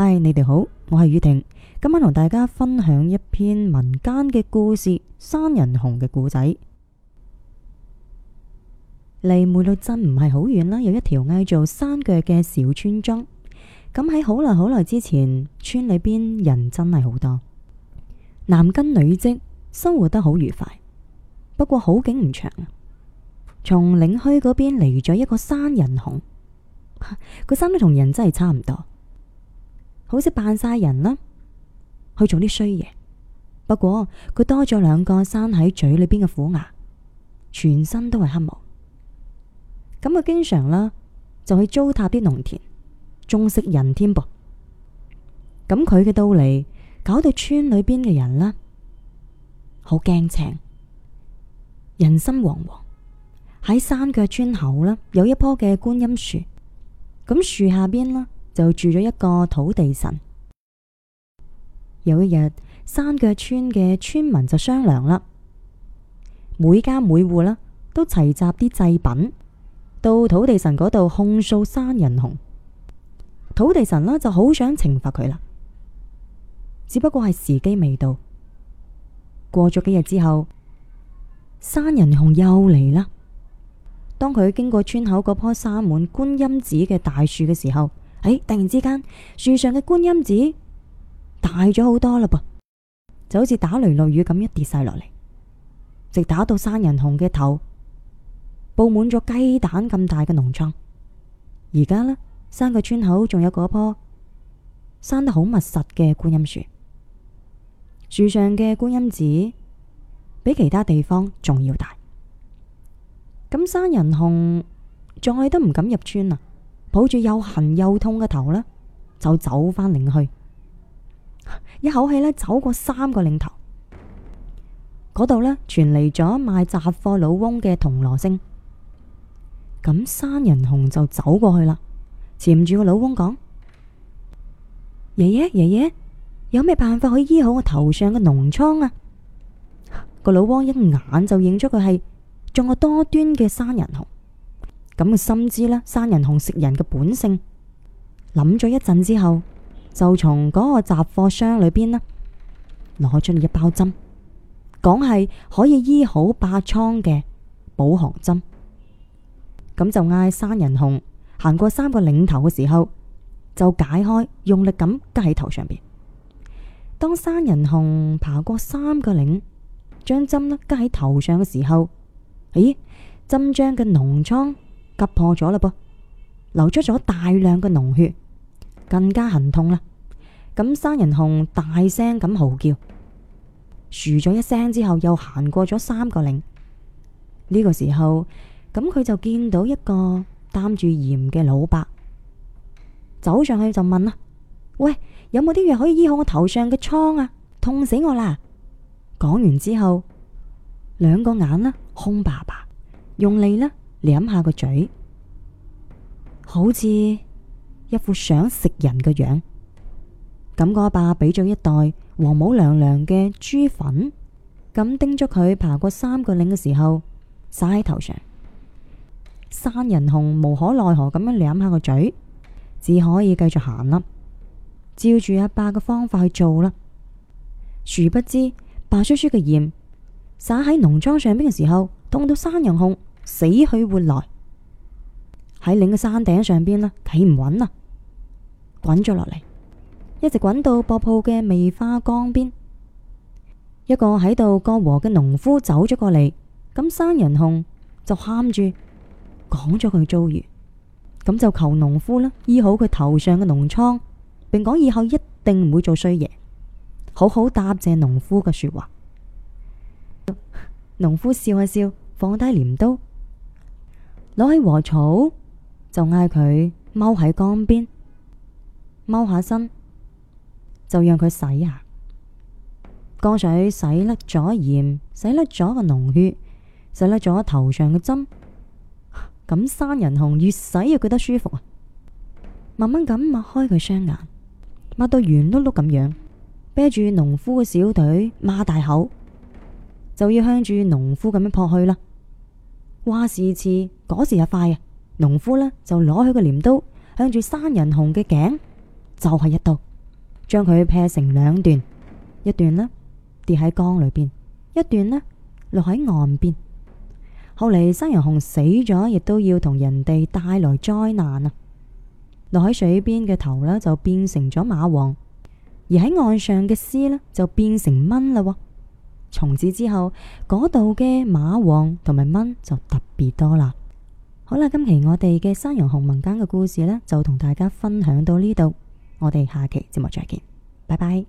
嗨，Hi, 你哋好，我係宇婷。今晚同大家分享一篇民間嘅故事《山人熊嘅故仔》。離梅菉鎮唔係好遠啦，有一條嗌做山腳嘅小村莊。咁喺好耐好耐之前，村裏邊人真係好多，男耕女織，生活得好愉快。不過好景唔長，從嶺墟嗰邊嚟咗一個山人熊，個身都同人真係差唔多。好似扮晒人啦，去做啲衰嘢。不過佢多咗兩個生喺嘴裏邊嘅虎牙，全身都係黑毛。咁佢經常啦，就去糟蹋啲農田，仲食人添噃。咁佢嘅到嚟，搞到村裏邊嘅人啦，好驚情，人心惶惶。喺山腳村口啦，有一棵嘅觀音樹，咁樹下邊啦。就住咗一個土地神。有一日，山腳村嘅村民就商量啦，每家每戶啦都齊集啲祭品到土地神嗰度控訴山人熊。土地神啦就好想懲罰佢啦，只不過係時機未到。過咗幾日之後，山人熊又嚟啦。當佢經過村口嗰棵山滿觀音寺嘅大樹嘅時候，誒、欸！突然之間，樹上嘅觀音子大咗好多嘞噃，就好似打雷落雨咁一跌晒落嚟，直打到山人熊嘅頭，佈滿咗雞蛋咁大嘅膿瘡。而家呢，山個村口仲有嗰棵生得好密實嘅觀音樹，樹上嘅觀音子比其他地方仲要大。咁山人熊再都唔敢入村啦。抱住又痕又痛嘅頭呢就走翻嶺去，一口氣呢走過三個嶺頭，嗰度呢傳嚟咗賣雜貨老翁嘅銅鑼聲，咁山人熊就走過去啦，鉗住個老翁講：爺爺爺爺，有咩辦法可以醫好我頭上嘅膿瘡啊？個老翁一眼就認出佢係作惡多端嘅山人熊。咁佢深知啦，山人熊食人嘅本性。諗咗一陣之後，就從嗰個雜貨箱裏邊呢攞出一包針，講係可以醫好百瘡嘅補航針。咁就嗌山人熊行過三個嶺頭嘅時候，就解開用力咁夾喺頭上邊。當山人熊爬過三個嶺，將針啦夾喺頭上嘅時候，咦，針漿嘅膿瘡。急破咗啦噃，流出咗大量嘅膿血，更加痕痛啦。咁山人熊大聲咁嚎叫，噓咗一聲之後，又行過咗三個嶺。呢、這個時候，咁佢就見到一個擔住鹽嘅老伯，走上去就問啦，喂，有冇啲藥可以醫好我頭上嘅瘡啊？痛死我啦！講完之後，兩個眼呢，空白白，用脷呢。舐下個嘴，好似一副想食人嘅樣。咁，個阿伯俾咗一袋黃母娘娘嘅豬粉，咁叮咗佢爬過三個嶺嘅時候，灑喺頭上。山人熊無可奈何咁樣舐下個嘴，只可以繼續行啦。照住阿伯嘅方法去做啦。殊不知，白雪雪嘅鹽灑喺農莊上邊嘅時候，凍到山人熊，死去活來喺嶺嘅山頂上邊呢，睇唔穩啦，滾咗落嚟，一直滾到薄鋪嘅梅花江邊，一個喺度割禾嘅農夫走咗過嚟，咁山人熊就喊住講咗佢遭遇，咁就求農夫啦，醫好佢頭上嘅膿瘡，並講以後一定唔會做衰嘢，好好答謝農夫嘅說話。農夫笑一笑，放低鐮刀。攞起禾草，就嗌佢踎喺江邊，踎下身，就讓佢洗下江水洗，洗甩咗鹽，洗甩咗個膿血，洗甩咗頭上嘅針，咁、啊、山人熊越洗越覺得舒服啊！慢慢咁擘開佢雙眼，擘到圓碌碌咁樣，啤住農夫嘅小腿，擘大口，就要向住農夫咁樣撲去啦。話時遲，嗰時又快啊！農夫呢就攞起個鐮刀，向住山人熊嘅頸，就係一刀，將佢劈成兩段。一段呢，跌喺江裏邊，一段呢，落喺岸邊。後嚟，山人熊死咗，亦都要同人哋帶來災難啊！落喺水邊嘅頭呢，就變成咗螞蝗，而喺岸上嘅屍呢，就變成蚊啦。從此之後，嗰度嘅螞蟥同埋蚊就特別多啦。好啦，今期我哋嘅山人熊民間嘅故事呢，就同大家分享到呢度，我哋下期節目再見，拜拜。